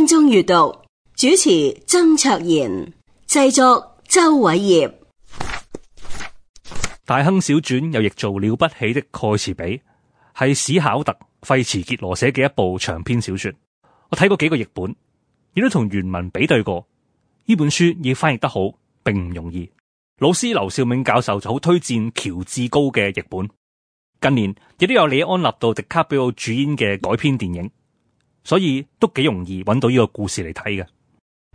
分鐘閱讀，主持曾卓賢，製作周偉業。大亨小傳又譯做了不起的蓋茨比，係史考特費茨傑羅寫嘅一部長篇小說。我睇過幾個譯本，亦都同原文比對過。呢本書要翻譯得好，並唔容易。老師劉兆銘教授就好推薦喬志高嘅譯本。近年亦都有李安納度迪卡比奧主演嘅改編電影。所以都幾容易揾到呢個故事嚟睇嘅。《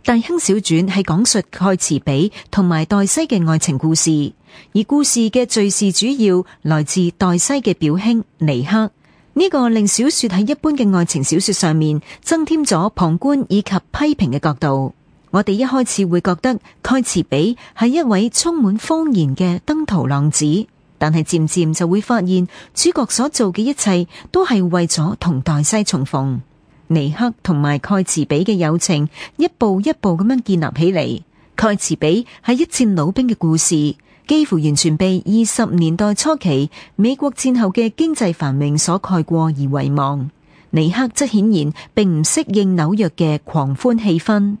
大亨小傳》係講述蓋茨比同埋黛西嘅愛情故事。而故事嘅敘事主要來自黛西嘅表兄尼克。呢個令小說喺一般嘅愛情小說上面增添咗旁觀以及批評嘅角度。我哋一開始會覺得蓋茨比係一位充滿謊言嘅登徒浪子，但係漸漸就會發現主角所做嘅一切都係為咗同黛西重逢。尼克同埋蓋茨比嘅友情一步一步咁樣建立起嚟。蓋茨比係一戰老兵嘅故事，幾乎完全被二十年代初期美國戰後嘅經濟繁榮所蓋過而遺忘。尼克則顯然並唔適應紐約嘅狂歡氣氛，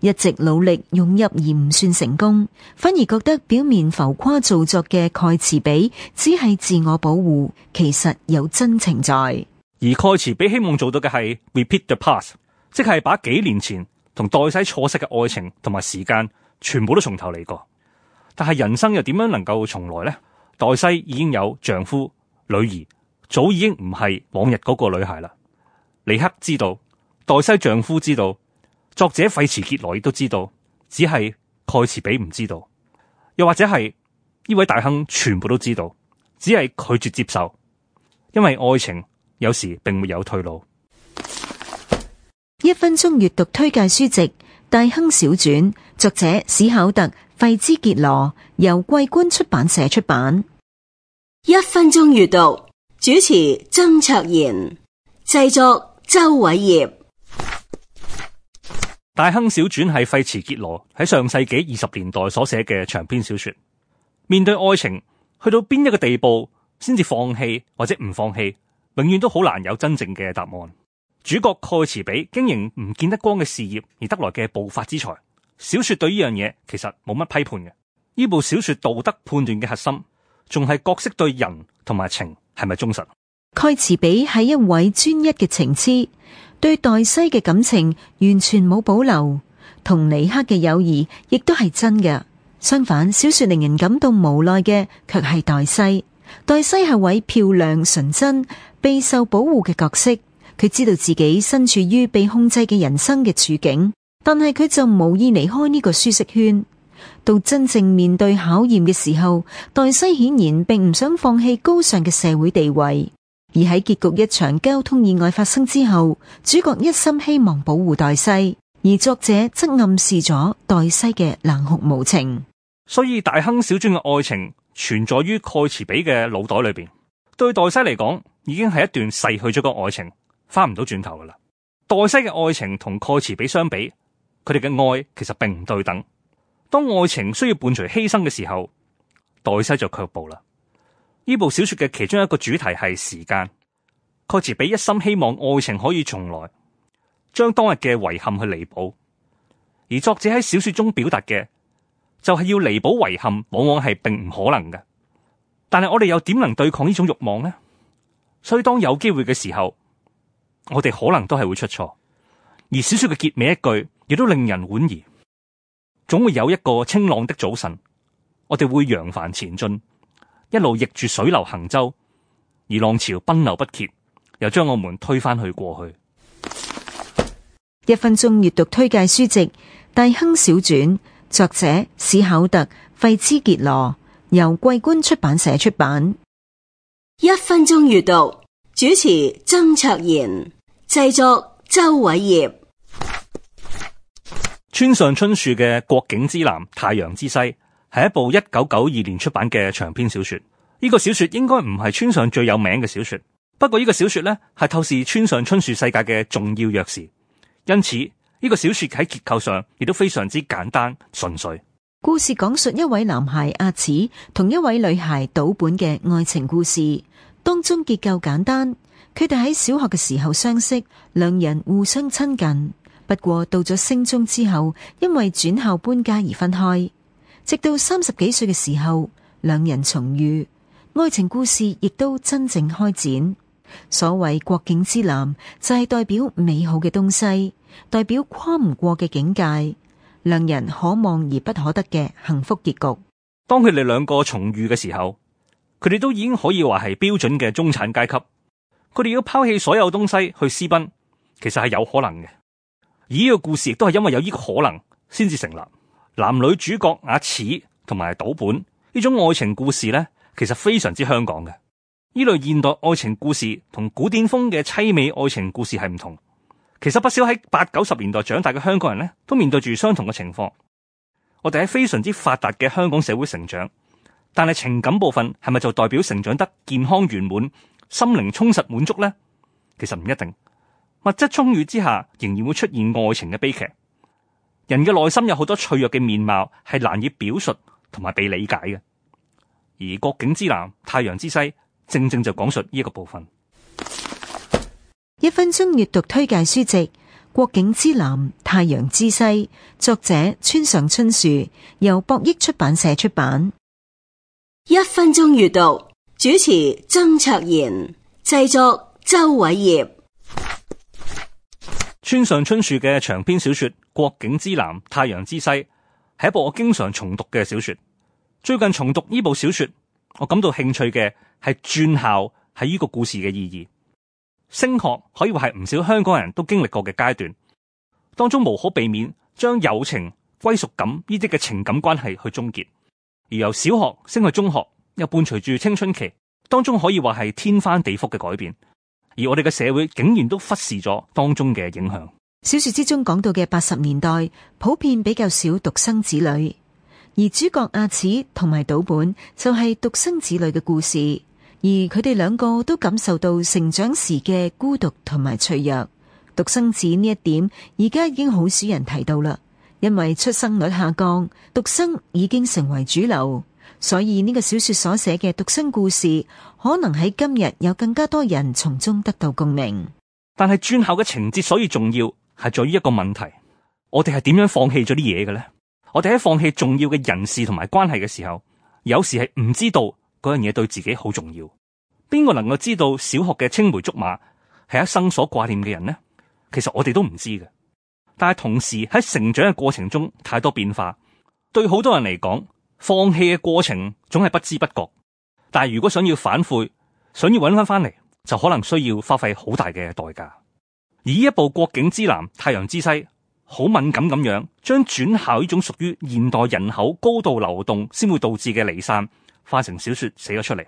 一直努力湧入而唔算成功，反而覺得表面浮誇造作嘅蓋茨比只係自我保護，其實有真情在。而蓋茨比希望做到嘅係 repeat the past，即係把幾年前同黛西錯失嘅愛情同埋時間全部都從頭嚟過。但係人生又點樣能夠重來呢？黛西已經有丈夫、女兒，早已經唔係往日嗰個女孩啦。尼克知道，黛西丈夫知道，作者費茨傑羅亦都知道，只係蓋茨比唔知道，又或者係呢位大亨全部都知道，只係拒絕接受，因為愛情。有時並沒有退路。一分鐘閱讀推介書籍《大亨小傳》，作者史考特費茲傑羅，由桂冠出版社出版。一分鐘閱讀主持曾卓賢，製作周偉業。《大亨小傳》係費茲傑羅喺上世紀二十年代所寫嘅長篇小說。面對愛情，去到邊一個地步先至放棄，或者唔放棄？永遠都好難有真正嘅答案。主角蓋茨比經營唔見得光嘅事業而得來嘅暴發之財，小說對呢樣嘢其實冇乜批判嘅。呢部小說道德判斷嘅核心，仲係角色對人同埋情係咪忠實？蓋茨比係一位專一嘅情痴，對黛西嘅感情完全冇保留，同尼克嘅友誼亦都係真嘅。相反，小說令人感到無奈嘅，卻係黛西。黛西係位漂亮純真。備受保護嘅角色，佢知道自己身處於被控制嘅人生嘅處境，但係佢就無意離開呢個舒適圈。到真正面對考驗嘅時候，黛西顯然並唔想放棄高尚嘅社會地位。而喺結局一場交通意外發生之後，主角一心希望保護黛西，而作者則暗示咗黛西嘅冷酷無情。所以大亨小傳嘅愛情存在於蓋茨比嘅腦袋裏邊，對黛西嚟講。已經係一段逝去咗嘅愛情，翻唔到轉頭噶啦。黛西嘅愛情同蓋茨比相比，佢哋嘅愛其實並唔對等。當愛情需要伴隨犧牲嘅時候，黛西就卻步啦。呢部小說嘅其中一個主題係時間。蓋茨比一心希望愛情可以重來，將當日嘅遺憾去彌補。而作者喺小說中表達嘅就係要彌補遺憾，往往係並唔可能嘅。但係我哋又點能對抗呢種慾望呢？所以當有機會嘅時候，我哋可能都係會出錯。而小說嘅結尾一句，亦都令人莞爾：「總會有一個清朗的早晨，我哋會揚帆前進，一路逆住水流行舟，而浪潮奔流不竭，又將我們推返去過去。一分鐘閱讀推介書籍《大亨小傳》，作者史考特費茲傑羅，由桂冠出版社出版。一分鐘閱讀，主持曾卓賢，製作周偉業。村上春樹嘅《國境之南》《太陽之西》係一部一九九二年出版嘅長篇小說。呢個小說應該唔係村上最有名嘅小說，不過呢個小說呢係透視村上春樹世界嘅重要鑰匙。因此，呢個小說喺結構上亦都非常之簡單純粹。故事講述一位男孩阿子同一位女孩島本嘅愛情故事，當中結構簡單。佢哋喺小學嘅時候相識，兩人互相親近。不過到咗升中之後，因為轉校搬家而分開。直到三十幾歲嘅時候，兩人重遇，愛情故事亦都真正開展。所謂國境之南，就係、是、代表美好嘅東西，代表跨唔過嘅境界。兩人可望而不可得嘅幸福結局。當佢哋兩個重遇嘅時候，佢哋都已經可以話係標準嘅中產階級。佢哋要拋棄所有東西去私奔，其實係有可能嘅。而呢個故事亦都係因為有呢個可能先至成立。男女主角阿始同埋島本呢種愛情故事咧，其實非常之香港嘅。呢類現代愛情故事同古典風嘅淒美愛情故事係唔同。其實不少喺八九十年代長大嘅香港人呢，都面對住相同嘅情況。我哋喺非常之發達嘅香港社會成長，但係情感部分係咪就代表成長得健康圓滿、心靈充實滿足呢？其實唔一定。物質充裕之下，仍然會出現愛情嘅悲劇。人嘅內心有好多脆弱嘅面貌，係難以表述同埋被理解嘅。而國境之南、太陽之西，正正就講述呢一個部分。一分鐘閱讀推介書籍《國境之南，太陽之西》，作者村上春樹，由博益出版社出版。一分鐘閱讀主持曾卓賢，製作周偉業。村上春樹嘅長篇小說《國境之南，太陽之西》係一部我經常重讀嘅小說。最近重讀呢部小說，我感到興趣嘅係轉校喺呢個故事嘅意義。升學可以話係唔少香港人都經歷過嘅階段，當中無可避免將友情、歸屬感呢啲嘅情感關係去終結。而由小學升去中學，又伴隨住青春期，當中可以話係天翻地覆嘅改變。而我哋嘅社會竟然都忽視咗當中嘅影響。小說之中講到嘅八十年代，普遍比較少獨生子女，而主角阿始同埋島本就係獨生子女嘅故事。而佢哋兩個都感受到成長時嘅孤獨同埋脆弱，獨生子呢一點，而家已經好少人提到啦。因為出生率下降，獨生已經成為主流，所以呢個小說所寫嘅獨生故事，可能喺今日有更加多人從中得到共鳴。但係專校嘅情節所以重要，係在於一個問題：我哋係點樣放棄咗啲嘢嘅呢？我哋喺放棄重要嘅人事同埋關係嘅時候，有時係唔知道。嗰樣嘢對自己好重要，邊個能夠知道小學嘅青梅竹馬係一生所掛念嘅人呢？其實我哋都唔知嘅。但係同時喺成長嘅過程中，太多變化，對好多人嚟講，放棄嘅過程總係不知不覺。但係如果想要反悔，想要揾翻翻嚟，就可能需要花費好大嘅代價。而呢一部《國境之南》、《太陽之西》，好敏感咁樣，將轉校呢種屬於現代人口高度流動先會導致嘅離散。化成小說寫咗出嚟，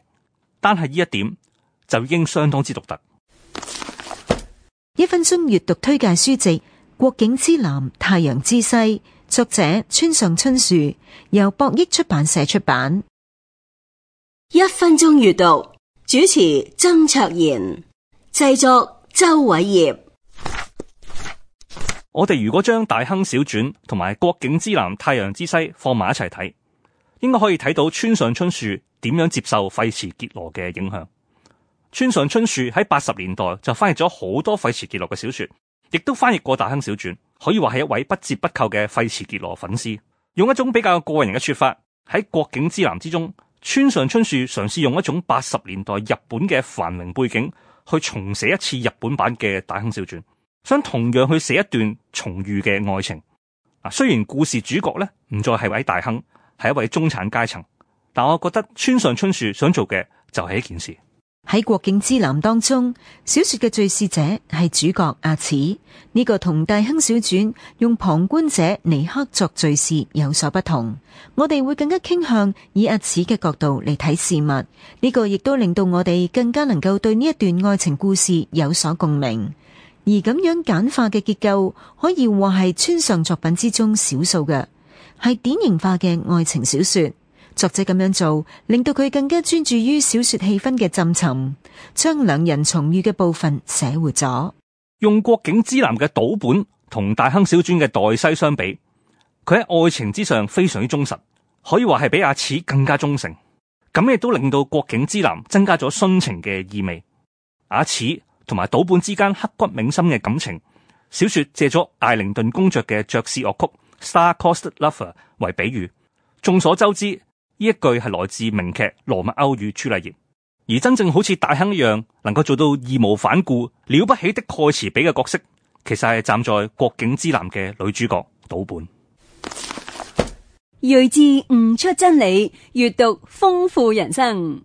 單係呢一點就已經相當之獨特。一分鐘閱讀推介書籍《國境之南》《太陽之西》，作者村上春樹，由博益出版社出版。一分鐘閱讀主持曾卓賢，製作周偉業。我哋如果將《大亨小傳》同埋《國境之南》《太陽之西》放埋一齊睇。應該可以睇到村上春樹點樣接受費茨傑羅嘅影響。村上春樹喺八十年代就翻譯咗好多費茨傑羅嘅小說，亦都翻譯過大亨小傳，可以話係一位不折不扣嘅費茨傑羅粉絲。用一種比較個人嘅說法，喺《國境之南》之中，村上春樹嘗試用一種八十年代日本嘅繁榮背景去重寫一次日本版嘅《大亨小傳》，想同樣去寫一段重遇嘅愛情。啊，雖然故事主角咧唔再係位大亨，係一位中產階層，但我覺得村上春樹想做嘅就係一件事。喺《國境之南》當中，小說嘅敘事者係主角阿次，呢個同《大亨小傳》用旁觀者尼克作敘事有所不同。我哋會更加傾向以阿次嘅角度嚟睇事物，呢個亦都令到我哋更加能夠對呢一段愛情故事有所共鳴。而咁樣簡化嘅結構，可以話係村上作品之中少數嘅。係典型化嘅愛情小說，作者咁樣做，令到佢更加專注於小說氣氛嘅浸沉，將兩人重遇嘅部分寫活咗。用國境之南嘅島本同大亨小傳嘅黛西相比，佢喺愛情之上非常之忠實，可以話係比阿始更加忠誠。咁亦都令到國境之南增加咗殉情嘅意味。阿始同埋島本之間刻骨銘心嘅感情，小說借咗艾靈頓公爵嘅爵士樂曲《Star-crossed Lover》為比喻，眾所周知，呢一句係來自名劇《羅密歐與朱麗葉》。而真正好似大亨一樣，能夠做到義無反顧、了不起的蓋茨比嘅角色，其實係站在《國境之南》嘅女主角島本。睿智悟出真理，閱讀豐富人生。